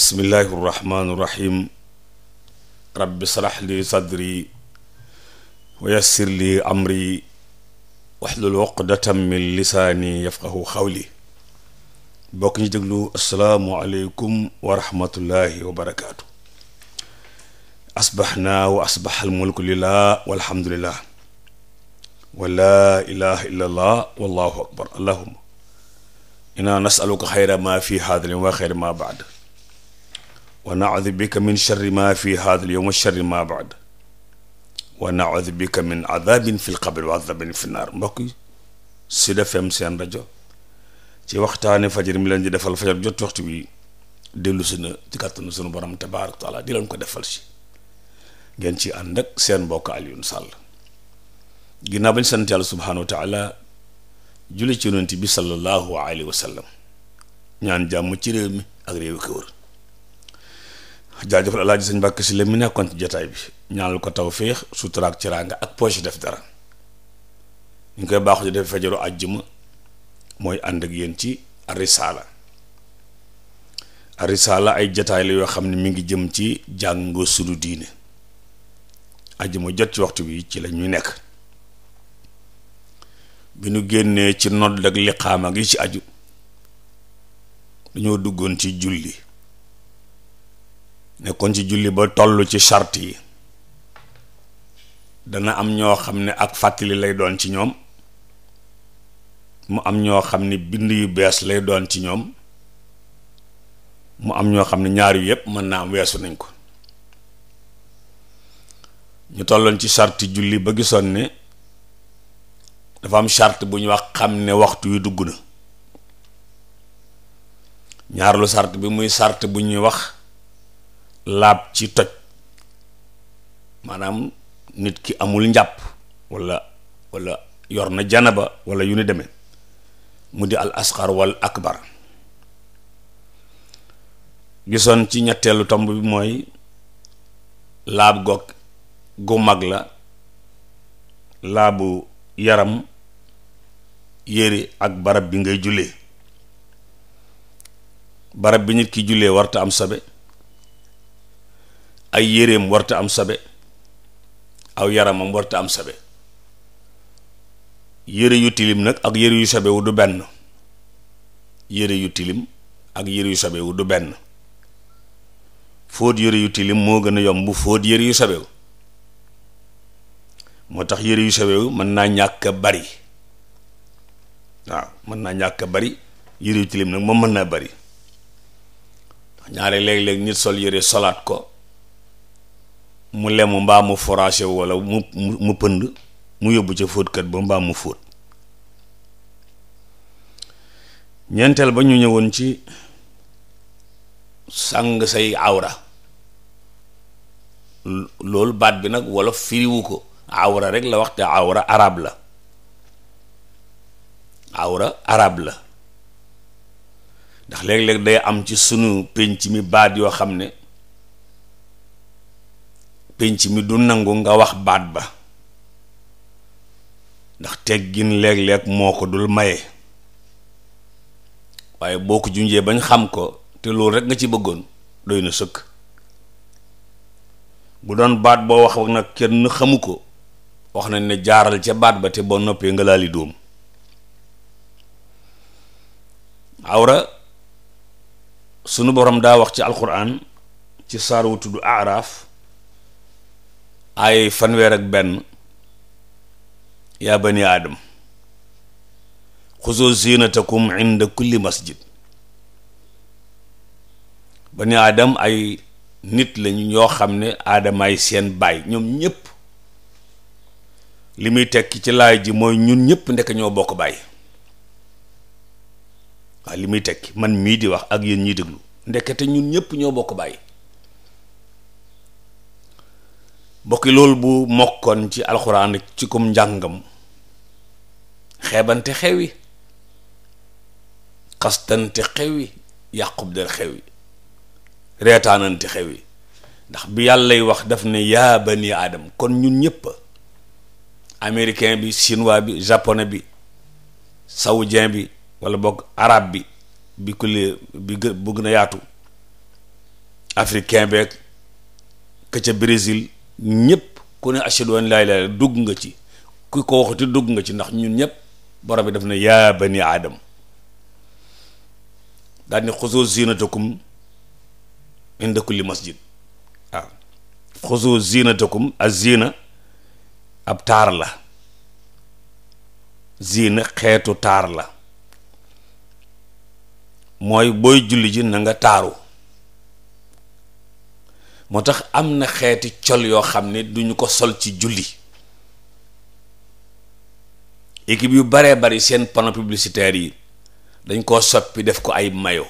bismillahi irrahmaani irrahim rabbi srax li sadri wa yassir li amri waxlul uqdatan min lisaani yafqahu xawli bokk ñu déglu asalaamualeykum wa rahmatullahi wa barakaatu asbaxnaa wa asbax almulku lillah walhamdulillah wa laa ilaha illa allah wallahu akbar allahuma inna nasaluka xayra ma fi haadalin wa xayra ma baad wa naudu bika min sharri ma fi haada al yowm wa ma baad wa naudu bika min adabin fi lqabri wa adabin fi naar mbokk si Sud seen rajo ci waxtaane fajar mi leen di defal fajar jot waxtu wi dellu si na ci kàttanu sunu borom tabaaraka wa taala di leen ko defal si ngeen ci ànd seen mbokk Alioune Sall ginnaaw bañ sant yàlla subhaanahu wa taala julli bi sallallahu alayhi wa sallam ñaan jàmm ci réew mi ak réew jaajëfal alaaji sëñ Mbàkke si la mu nekkoon ci jataay bi ñaanal ko taw sutura ak ciraanga ak poche def dara ñu koy baaxu di def fajaru àjjuma mooy ànd ak yéen ci arisaala arisaala ay jataay la yoo xam ne mi ngi jëm ci jàng sunu diine àjjuma jot ci waxtu bi ci lañuy nekk bi nu génnee ci nodd ak liqaam ak yi ci aju dañoo duggoon ci julli nekkoon ci julli ba tollu ci charte yi dana am ñoo xam ne ak fàttali lay doon ci ñoom mu am ñoo xam ne bind yu bees lay doon ci ñoom mu am ñoo xam ne ñaar yu yëpp mën naa am weesu nañ ko ñu tolloon ci charte julli ba gisoon ne dafa am charte bu ñu wax xam ne waxtu yu dugg na ñaarlu charte bi muy charte bu ñuy wax laab ci toj maanaam nit ki amul njàpp wala wala yor na janaba wala yu ni demee mu di al asxar wal akbar gisoon ci ñetteelu tomb bi mooy laab goog gu mag la laabu yaram yére ak barab bi ngay jullee barab bi nit ki jullee warta am sobe ay yéreem warta am sabe aw yaramam warta am sabe yére yu tilim nag ak yére yu sabe wu du benn yére yu tilim ak yére yu sabe benn fóot yére yu tilim moo gën a yomb fóot yére yu sabewu moo tax yére yu sabewu mën naa ñàkk a bari waaw mën naa ñàkk bari yére yu tilim nag moom mën naa bari ndax ñaare léeg-léeg nit sol yére solaat ko mu lemu mbaa mu foragé wala mu mu pënd mu yóbbu ca fóotkat ba mbaam mu fóot ñeenteel ba ñu ñëwoon ci sàng say awra loolu baat bi nag wolof firiwu ko awra rek la waxte awra arab la awra arab la ndax léeg-léeg day am ci sunu pénc mi baat yoo xam ne pénc mi du nangu nga wax baat ba ndax teggin léeg-léeg moo ko dul maye waaye boo ko junjee bañ xam ko te loolu rek nga ci bëggoon doy na sëkk bu doon baat boo wax nag kenn xamu ko wax nañ ne jaaral ca baat ba te boo noppee nga laali doom awra sunu borom daa wax ci alquran ci saar wu tudd aaraaf ay fanweer ak benn yaa bani aadam xuzu zinatakum inda kulli masjid bani aadam ay nit lañu ñoo xam ne aadamaay seen baay ñoom ñépp li muy tekki ci laay ji mooy ñun ñëpp ndekk ñoo bokk baay waaw li muy tekki man mii di wax ak yéen ñiy déglu ndekete ñun ñëpp ñoo bokk baay bokki loolu bu mokkoon ci alxuraan ci kum njàngam xeebante xew yi xastante xew yi yàqub del xew yi reetaanante xew yi ndax bi yàllay wax daf ne yaa bani kon ñun ñëpp americain bi chinois bi japonais bi saoudien bi wala boog arabe bi bi kule bi gë bu gën a yaatu africain beeg ka ca ñépp ku ne ashhadu an laa ilaaha dugg nga ci ku ko waxati dugg nga ci ndax ñun ñëpp borom bi daf na yaa bani aadam daal ni xuzu zinatakum inda kulli masjid waaw xuzu zinatakum ak zina ab taar la zina xeetu taar la mooy booy julli ji na nga taaru moo tax am na xeeti col yoo xam ne duñu ko sol ci julli équipe yu baree bari seen panneau publicitaire yi dañ koo soppi def ko ay mayo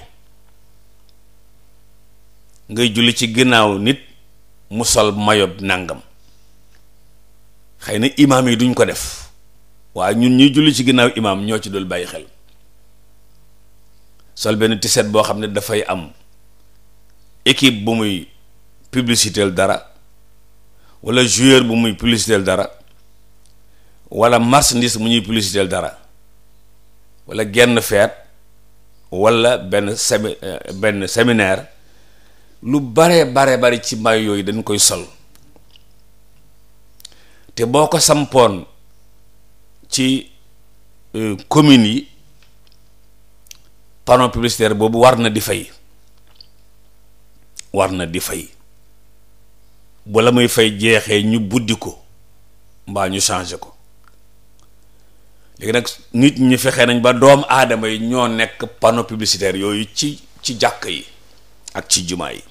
ngay julli ci ginnaaw nit mu sol mayo nangam xëy na imaam yi duñ ko def waaye ñun ñuy julli ci ginnaaw imaam ñoo ci dul bàyyi xel sol benn tiset boo xam ne dafay am équipe bu muy publicitéel dara wala joueur bu muy publicitéel dara wala marchandise mu ñuy publicitéel dara walla genn feet wala benn semi euh, benn séminaire lu bare bare bari ci may yooyu dañ koy sol te boo ko sampoon ci euh, communes yi panneau publicitaire boobu war na di fay war na di fay bala muy fay jeexee ñu buddi ko mbaa ñu changé ko léegi nag nit ñi fexee nañ ba doom aadama yi ñoo nekk panneau publicitaire yooyu ci ci jàkk yi ak ci jumaa yi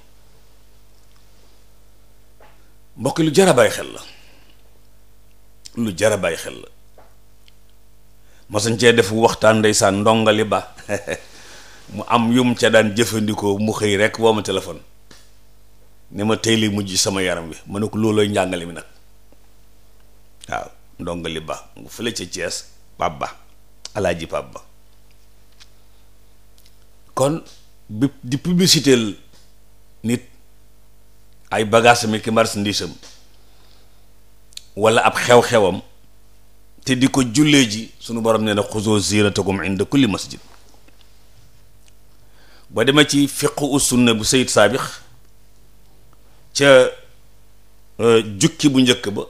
mbokk lu jar a bàyyi xel la lu jar a bàyyi xel la masañ cee def waxtaan ndeysaan ndongali ba mu am yum ca daan jëfandikoo mu xëy rek woo ma téléphone ne ma tey li mujj sama yaram bi ma ne ko loolooy njàngale mi nag waaw ndongali ba nga fële ca cees Pape Ba alaaji Pape Ba kon bi di publicité nit ay bagage mi ki marchandise am wala ab xew-xewam te di ko jullee ji sunu borom nee na xuzoo ziinatakum inda kulli masjid ba dema ci fiqhu sunna bu Sayyid Saabix ca euh, jukki bu njëkk ba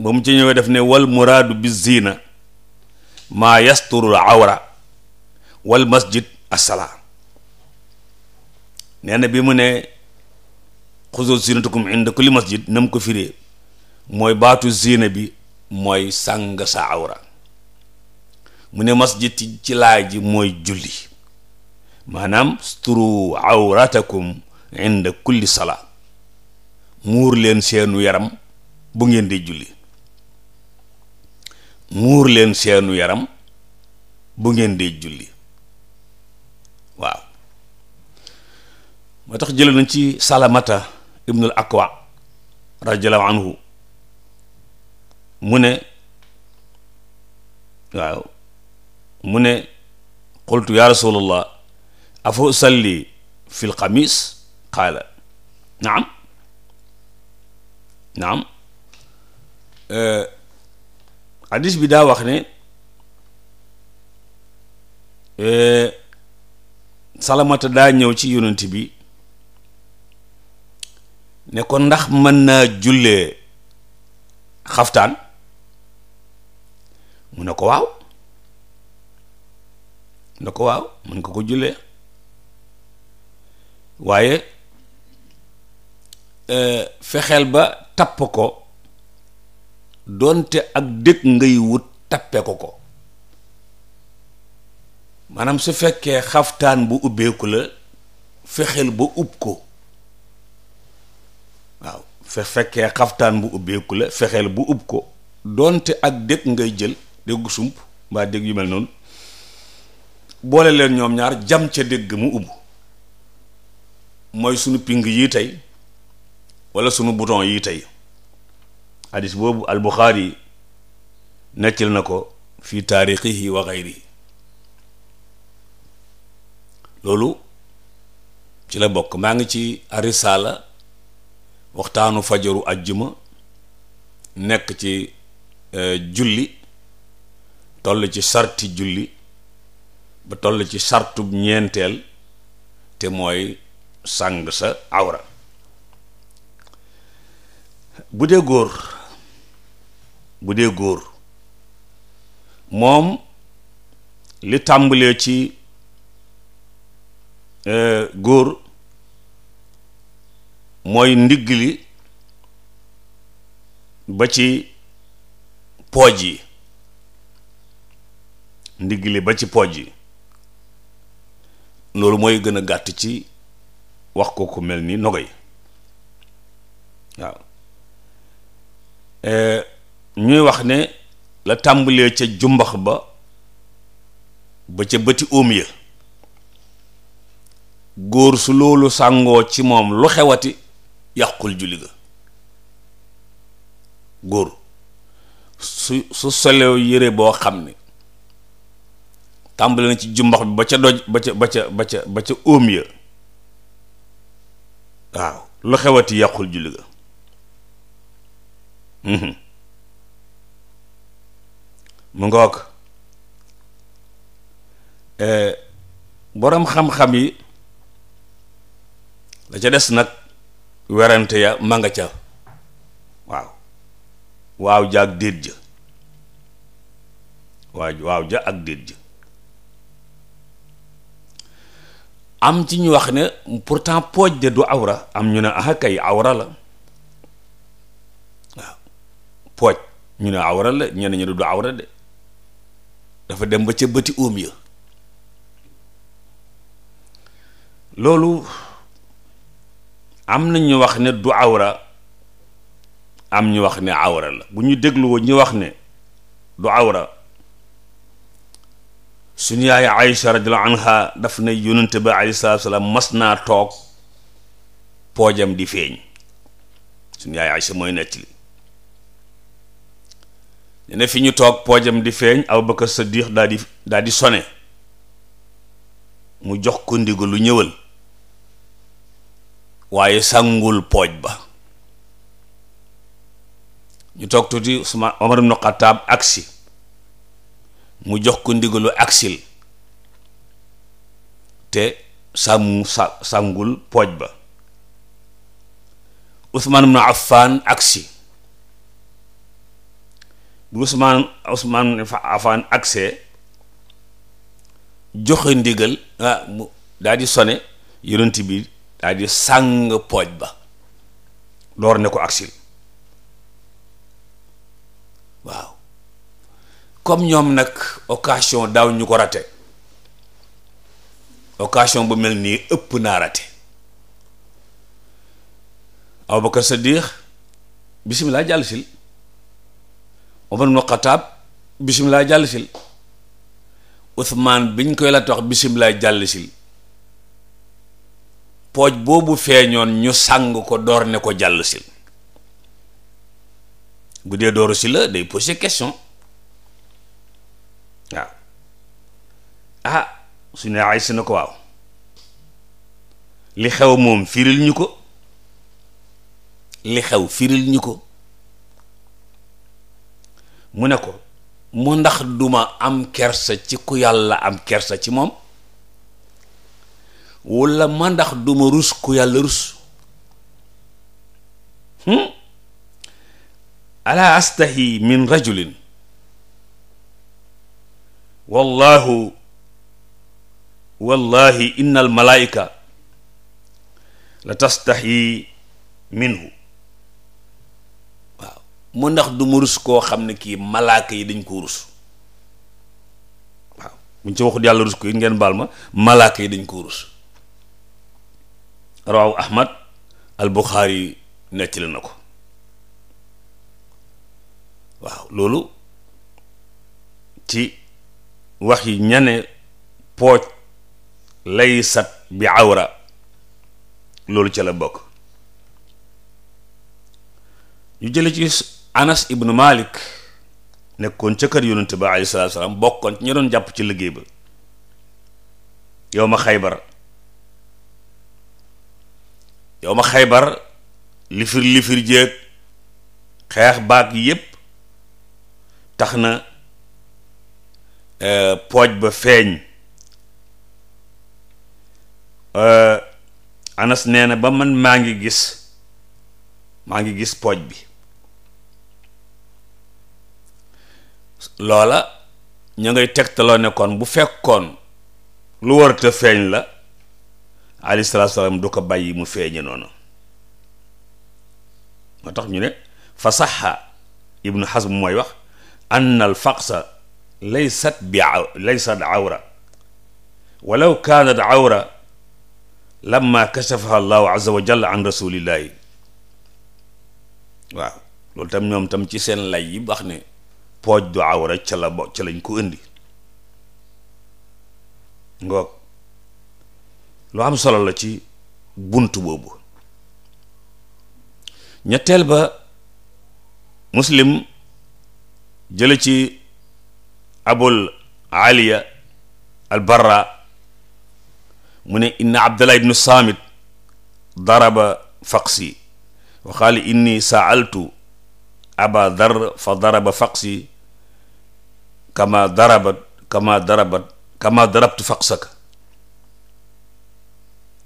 ba mu ci ñëwee def ne wal muraadu bi ziina maa yasturul awra wal masjid assalaa nee na bi mu ne xuzu ziinatakum inda kulli masjid nam ko firee mooy baatu ziina bi mooy sàng sa awra mu ne masjid ci laaj ji mooy julli maanaam sturu awratakum inda kulli salaa muur leen seenu yaram bu ngeen di julli muur leen seenu yaram bu ngeen di julli waaw moo tax jële nañ ci salamata ibnul akwa radiallahu anhu mu ne waaw mu ne qultu ya rasulallah afa usalli fi l qaala naam naam hadis bi daa wax ne salamata daa ñëw ci yonent bi ne ndax mën naa jullee xaftaan mu ne ko waaw mu ne ko waaw mën nga ko jullee waaye Euh, fexeel ba tapp ko doonte ak dëkk ngay wut tappe ko ko maanaam su fekkee xaftaan bu ubbeeku la fexeel ba ub ko waaw xaftaan bu ubbeeku la fexeel bu ub ko doonte ak dëkk ngay jël déggu sump mbaa dëgg yu mel noonu boole leen ñoom ñaar jam ca dégg mu ubb mooy sunu ping yii tey wala sunu bouton yii tey hadis boobu albuxaari nettal na ko fi taarixihi wa xayrihi loolu ci la bokk maa ngi ci arisala waxtaanu fajaru ajjuma nekk ci e, julli toll ci sarti julli ba toll ci sartu ñeenteel te mooy sàng sa awra bu dee góor bu dee góor moom li tàmbalee ci e, góor mooy ndigg li ba ci pooj yi ndigg li ba ci pooj yi loolu mooy gën a gàtt ci wax ko ku mel ni nogoy waaw ñuy wax ne la tàmbalee ca jumbax ba ba ca bëti óom ya góor su loolu sàngoo ci moom lu xewati yàqul julli ga góor su su solew yére boo xam ne tàmbale na ci jumbax bi ba ca doj ba ca ba ca ba ca ba ca óom ya waaw lu xewati yàqul julli ga Mhm. mu ngoog eh, boroom xam-xam yi da ca des nag werante ya ma nga ca waaw waaw ja ak déet ja waaw ja ak déet am ci ñu wax ne pourtant pooj de du awra am ñu ne aha kay awra la pooj ñu ne awra la ñenn ñu ne du awra de dafa dem ba ca bëti óom ya loolu am na ñu wax ne du awra am ñu wax ne awra la bu ñu dégluwoo ñu wax ne du awra suñu yaay Aïcha radiyallahu anha daf na yonente ba alayhi salaatu mas naa toog poojam di feeñ suñu yaay Aïcha mooy nettali ne fi ñu toog poojam di feeñ Abubakar Saddiq daal di daal di sone mu jox ko ndigal lu ñëwal waaye sangul pooj ba ñu toog tuuti Usmaan Omar ibn Xattaab agsi mu jox ko ndigalu agsil te sàmm sa sàngul pooj ba Usmaan ibn Affaan agsi bu Ousmane Ousmane Affan accès joxe ndigal ah, daal di sone yonent bi daal di sàng pooj ba loor ne ko agsil waaw comme ñoom nag occasion daaw ñu ko rate occasion bu mel nii ëpp naa rate Abubakar Sadiq bisimilah jàll sil Omar ibn Khattab bisimilah jàll sil Ousmane biñ koy la tax bisimilah jàll sil pooj boobu feeñoon ñu sàng ko door ne ko jàll sil bu dee dooru si la day poser question waaw ah su ne ay si na ko waaw li xew moom firil ñu ko li xew firil ñu ko mu ne ko mu ndax duma am kersa ci ku yàlla am kersa ci moom wala ma ndax duma rus ku yàlla rus hmm? ala astahi min rajulin wallahu wallahi inna almalaika la tastahi minhu mu ndax du ma koo xam ne kii malaaka yi dañ ko rus waaw buñ ci waxut yàlla rus ko it ngeen baal ma malaaka yi dañ ko rus rawaw ahmad al buxaari nettali na ko waaw loolu ci wax yi ñane pooj lay sat bi awra loolu ca la bokk ñu jële ci anas ibnu malik nekkoon ca kër yonent ba alayhi salaam bokkoon ci ñu doon jàpp ci liggéey ba yow ma xaybar yow ma xaybar lifir lifir jéeg xeex baag yépp tax na euh, pooj ba feeñ euh, anas nee na ba man maa ngi gis maa ngi gis pooj bi loola ñu ngay tegtaloo ne kon bu fekkoon lu warta feeñ la aleyhi salaatu salaam du ko bàyyi mu feeñe noonu moo tax ñu ne fa sax ibnu xasm mooy wax ann al faqsa laysat bi laysat awra walaw kaanat awra lamma kachafaha allahu azza wa jalla an rasulillahi waaw loolu tam ñoom tam ci seen lay yi wax ne pooj du awra ca la bo ca lañ ko indi ngoog lu am solo la ci bunt boobu ñetteel ba muslim jële ci abul aliya al mu ne inna abdallah ibnu saamit daraba faqsi wa qaal inni saaltu aba dar fa daraba faqsi kama darabat kama darabat kama darabtu faqsaka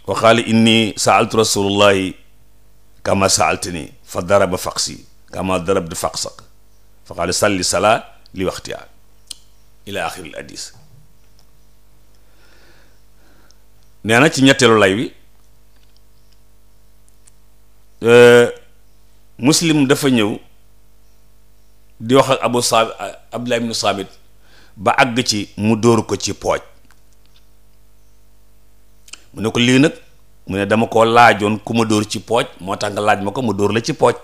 wa qaala inni saaltu rasulullahi kama saaltani fa daraba faqsi kama darabtu faqsaka fa qaala salli salaa li waxtiha ila axiril hadis nee na ci ñetteelu lay wi euh, muslim dafa ñëw di wax abu saab abdullah ibnu saamit ba àgg ci mu dóor ko ci pooj mu ne ko lii nag mu ne dama koo laajoon ku ma dóor ci pooj moo tax nga laaj ma ko mu dóor la ci pooj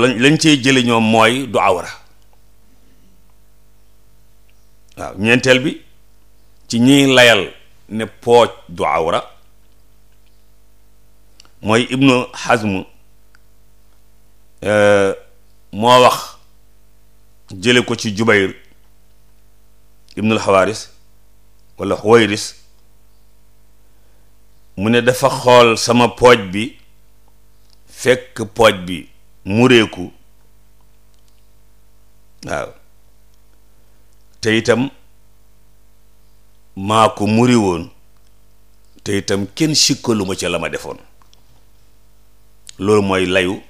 lañ lañ cey jëli ñoom mooy du awra waaw ñeenteel bi ci ñiy layal ne pooj du awra mooy ibnu xasm euh, moo wax jële ko ci Jubayr ibnul Xawaaris wala Xuwayris mu ne dafa xool sama pooj bi fekk pooj bi mureeku waaw te itam maa ko muri woon te itam kenn sikkaluma ma ca la ma defoon loolu mooy layu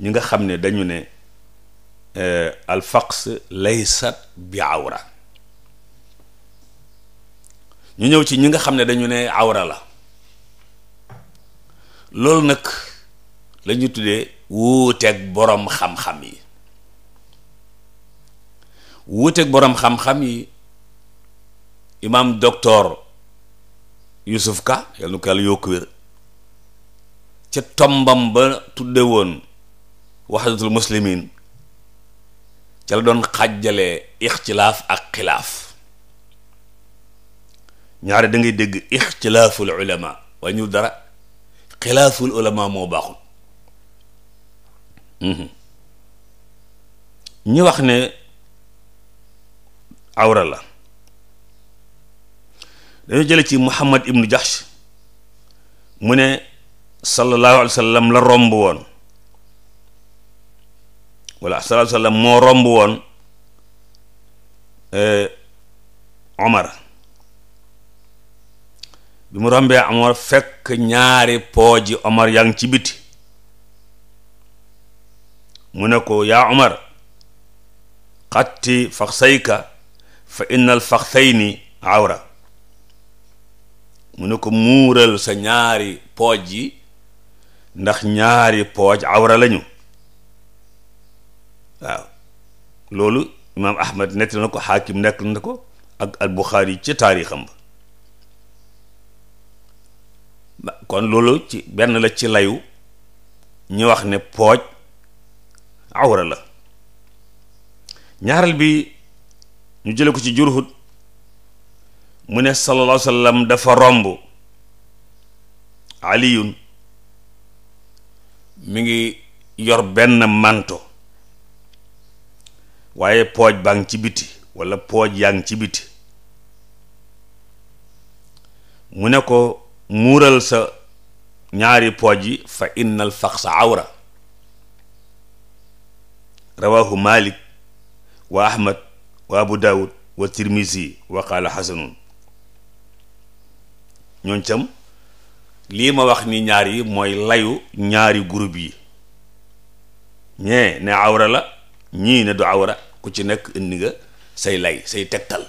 ñi nga xam ne dañu ne Eh, alfaqs laysat bi awra ñu ñëw ci ñi nga xam ne dañu ne awra la loolu nag la tuddee wuuteeg boroom xam-xam yi wuuteeg boroom xam-xam yi imaam docteur Yusuf Ka yal nu ko yàlla ca tombam ba tudde woon waxdatul muslimin ca la doon xàjjalee ixtilaaf ak xilaaf ñaare da ngay dégg ixtilaaful ulama waaye ñu dara xilaaful ulama moo baaxul mhm. ñi wax ne awra la dañu jële ci Muhammad ibnu Jahsh mu ne sallallahu alayhi wa sallam la romb woon voilà sallallahu moo romb woon euh, Omar bi mu rombee Omar fekk ñaari pooji Omar yaa ci biti mu ne ko yaa Omar xatti faxsayka fa innal faxsayni awra mu ne ko muural sa ñaari pooj yi ndax ñaari pooj awra lañu waaw loolu imaam ahmad nekk na ko xaakim nekk na ko ak al buxaari ci xam ba kon loolu ci benn la ci layu ñu wax ne pooj awra la ñaareel bi ñu jële ko ci jurhud mu ne sallallahu alayhi wa dafa romb aliyun mu ngi yor benn manto waaye pooj baa ngi ci biti walla pooj yaa ngi ci biti mu ne ko muural sa ñaari pooj yi fa innal sa awra rawahu malik wa ahmad wa abu dawud wa tirmisi wa qaala xasanun ñooñ tam lii ma wax ni ñaar yi mooy layu ñaari groupe yi ñee ne awra la ñii ne du awra ku ci nekk indi nga say lay say tegtal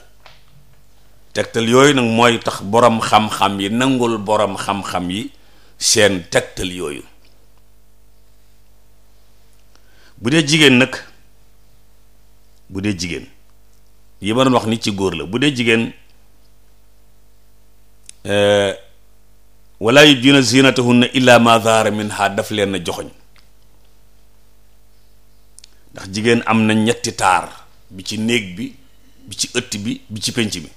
tegtal yooyu nag mooy tax borom xam-xam yi nangul borom xam-xam yi seen tegtal yooyu bu dee jigéen nag bu dee jigéen yi ma doon wax ni ci góor la bu dee jigéen euh, wala yubdina na illa ma zaara minha daf leen joxoñ ndax jigéen am na ñetti taar bi ci néeg bi bi ci ëtt bi bi ci pénc bi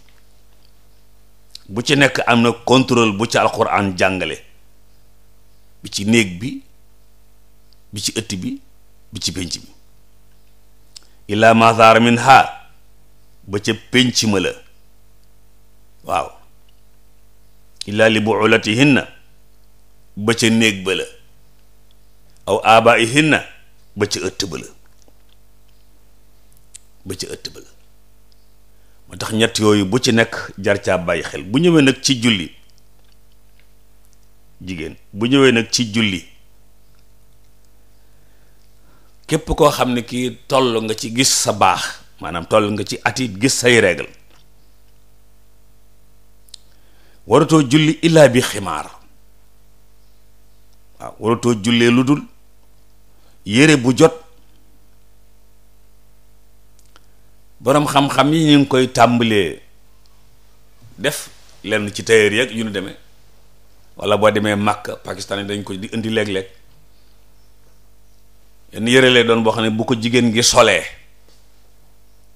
bu ci nekk am na contrôle bu ci alxuraan jàngale bi ci néeg bi bi ci ëtt bi bi ci pénc bi illa ma min ha ba ca pénc ma la waaw illa li buulatihinna ba ca néeg ba la aw abaihinna ba ca ëtt ba la ba ca ëtt ba la moo tax ñett yooyu bu ci nekk jar ca bàyyi xel bu ñëwee nag ci julli jigéen bu ñëwee nag ci julli képp koo xam ne kii toll nga ci gis sa baax maanaam toll nga ci at gis say règle waratoo julli illaa bi ximaar waaw waratoo jullee lu dul yére bu jot boroom xam-xam yi ñu ngi koy tàmbalee def lenn ci tailleur yeeg yu nu demee walla boo demee Makka Pakistan yi dañ ko di indi léeg-léeg yenn yëre lay doon boo xam ne bu ko jigéen ngi solee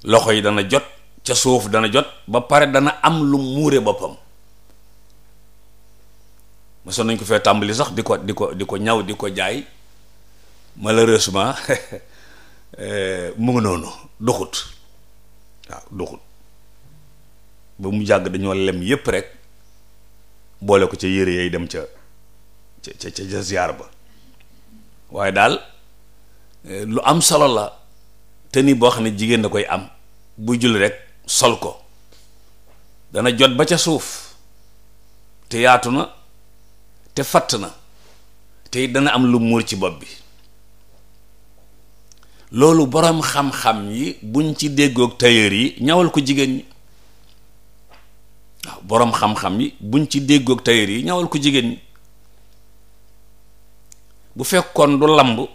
loxo yi dana jot ca suuf dana jot ba pare dana am lu muure boppam mosoon nañ ko fee tàmbali sax di ko di ko di ko ñaw di ko jaay malheureusement eh, mu ngi noonu doxut waaw doxul ba mu jàgg dañoo lem yépp rek boole ko ca yére yay dem ca ca ca ca ba waaye daal eh, lu am solo la te ni boo xam ne jigéen da koy am bu jul rek sol ko dana jot ba ca suuf te yaatu na te fatt na te dana am lu muur ci bopp bi loolu boroom xam-xam yi buñ ci déggoog tailleur yi ñawal ko jigéen boroom xam yi buñ ci déggook tailleur yi ñawal ko jigéen ñi bu fekkoon du lamb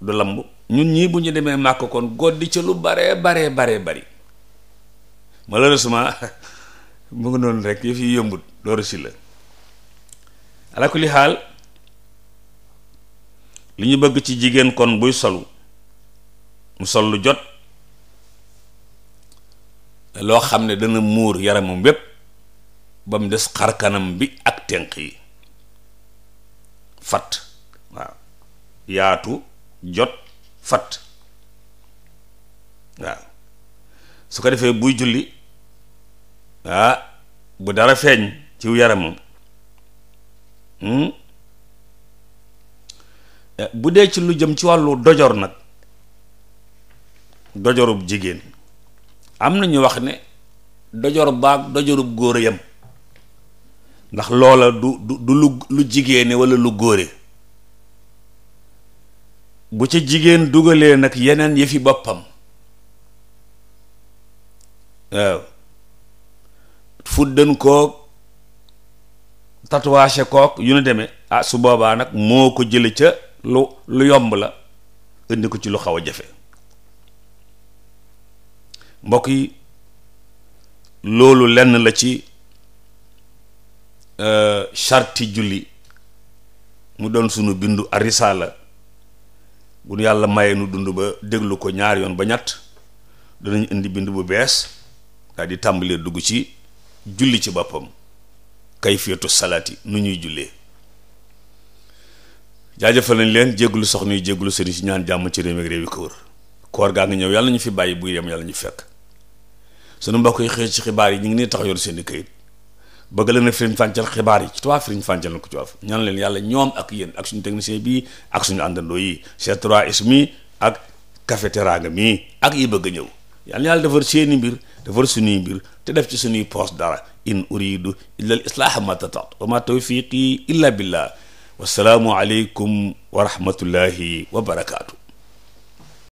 du lamb ñun ñii bu ñu demee màkk kon goddi ca lu baree baree baree bari malheureusement mu ngi noonu rekk yëf yi yëmbut loolu si la ala xaal li ñu bëgg ci jigéen kon buy solu mu sol lu jot loo xam ne dana muur yaramam wépp ba mu des xar kanam bi ak tenq yi fatt waaw yaatu jot fat waaw su ko defee buy julli ah bu dara feeñ ci yaramam hmm? eh, bu dee ci lu jëm ci wàllu dojor nag dojorub jigéen am na ñu wax ne dojor baag dojorub góor yam ndax loola du du lu lu jigéene walla lu góore bu ca jigéen dugalee nag yeneen yëfi boppam waaw fuddan koog tatouage yu nu demee a ah, su boobaa nag moo ko jële ca lu lu yomb la indi ko ci lu xaw a jafe mbokk yi loolu lenn la ci euh, charti julli mu doon sunu bindu arisala bu nu yàlla mayee nu dund ba déglu ko ñaar yoon ba ñett danañ indi bind bu bees daal di tàmbalee dugg ci julli ci boppam salaat yi nu ñuy jullee jaajëfal nañ leen jégglu soxna yi jégglu sëriñ si ñaan jàmm ci réew mi ak réew koor gaa ngi ñëw yàlla ñu fi bàyyi buy yem yàlla ñu fekk sunu mbokk yi xëy ci xibaar yi ñu ngi nii tax yor seen i këyit bëgg leen a firiñ fàncal xibaar yi ci tubaab firiñ fàncal na ko ci wàllu ñaan leen yàlla ñoom ak yéen ak suñu technicien bii ak suñu àndandoo yi C3S mi ak Café Teranga mi ak yi bëgg a ñëw yàlla yàlla defar seeni mbir defar suñuy mbir te def ci suñuy poos dara in uridu illa al islaaha ma tataat wa ma tawfiqi illa billah wasalaamu aleykum wa rahmatullahi wa barakaatu